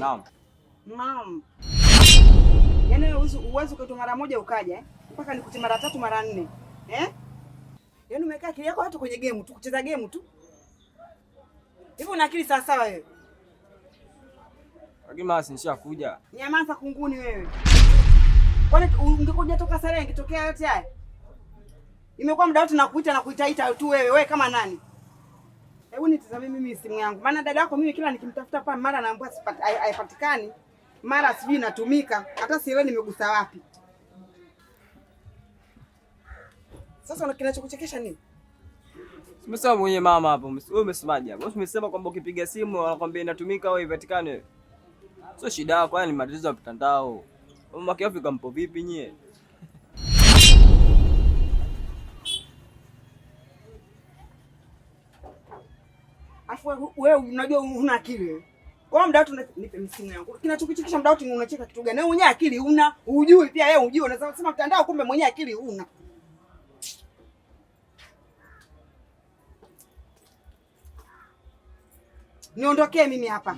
Naam. Naam. Yaani uwezi ukaitu mara moja ukaja eh? mpaka nikuti mara tatu mara nne eh? Yaani umekaa akili yako hata kwenye game tu, kucheza game tu hivyo, una akili sawa sawa wewe? Akimasi nishakuja. Nyamaza kunguni wewe. Kwani ungekuja toka Sare ingetokea yote haya? Imekuwa muda wote nakuita na kuitaita tu wewe, wewe kama nani? Hebu nitazame mimi simu yangu, maana dada yako mimi kila nikimtafuta pa mara naambiwa haipatikani, mara sijui inatumika, hata sielewi nimegusa wapi. Sasa kinachokuchekesha nini? Umesema mwenye mama hapo, wewe umesemaje hapo? Umesema kwamba ukipiga simu anakwambia inatumika au haipatikani. Sio shida yako, haya ni matatizo ya mtandao. Mama kiafrika mpo vipi nyie? Alafu wewe unajua una akili. Kwa muda wote nipe msimu yangu. Kinachokuchekesha muda wote unacheka kitu gani? Wewe mwenye akili una hujui pia wewe hujui. Unasema sema mtandao kumbe mwenye akili una Niondokee mimi hapa.